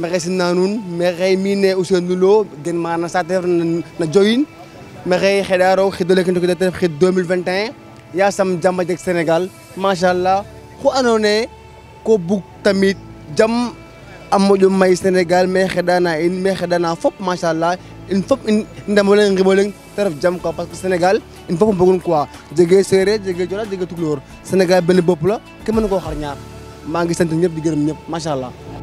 maxey simna nuun maxey mi ne Ousseynou Lo gen maxa no saate ref na Diohine maxey xeɗa roog xid oleke ndoki te ref xid 2021 a jeg Sénégal machallah xu andoona yee ko bug tamit jàmm a moƴo may Sénégal maxey xeɗana in maxey xeɗana fop machallah in fop in ndam o leng nqib o leng ref jàmm quoi parce que Sénégal in fop a mbogun quoi jegee séeréer jegee Sénégal benn bopp la kenn mënu koo xar ñaar maa ngi sant ñëpp di gërëm ñëpp machallah